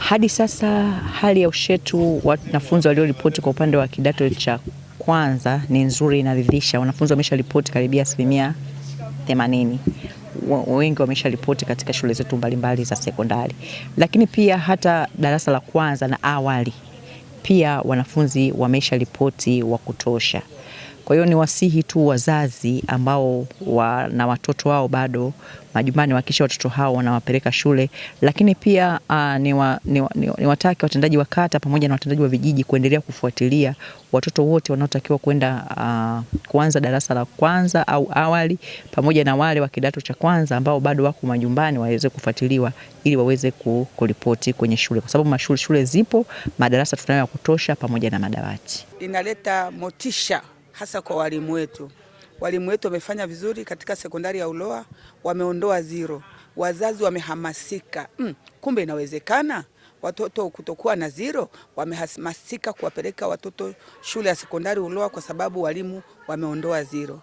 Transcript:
Hadi sasa hali ya ushetu wanafunzi walioripoti kwa upande wa kidato cha kwanza ni nzuri, inaridhisha. Wanafunzi ripoti karibia asilimia themanini, wengi ripoti katika shule zetu mbalimbali za sekondari, lakini pia hata darasa la kwanza na awali pia wanafunzi ripoti wa kutosha. Kwa hiyo ni wasihi tu wazazi ambao wana watoto wao bado majumbani, wakisha watoto hao wanawapeleka shule, lakini pia uh, ah, ni, wa, ni, wa, ni, wa, ni wataki watendaji wa kata pamoja na watendaji wa vijiji kuendelea kufuatilia watoto wote wanaotakiwa kwenda uh, kuanza darasa la kwanza au awali pamoja na wale wa kidato cha kwanza ambao bado wako majumbani waweze kufuatiliwa ili waweze kuripoti kwenye shule, kwa sababu mashule shule zipo, madarasa tunayo ya kutosha pamoja na madawati. Inaleta motisha hasa kwa walimu wetu. Walimu wetu wamefanya vizuri katika sekondari ya Uloa, wameondoa zero. Wazazi wamehamasika mm, kumbe inawezekana watoto kutokuwa na zero. Wamehamasika kuwapeleka watoto shule ya sekondari Uloa kwa sababu walimu wameondoa zero.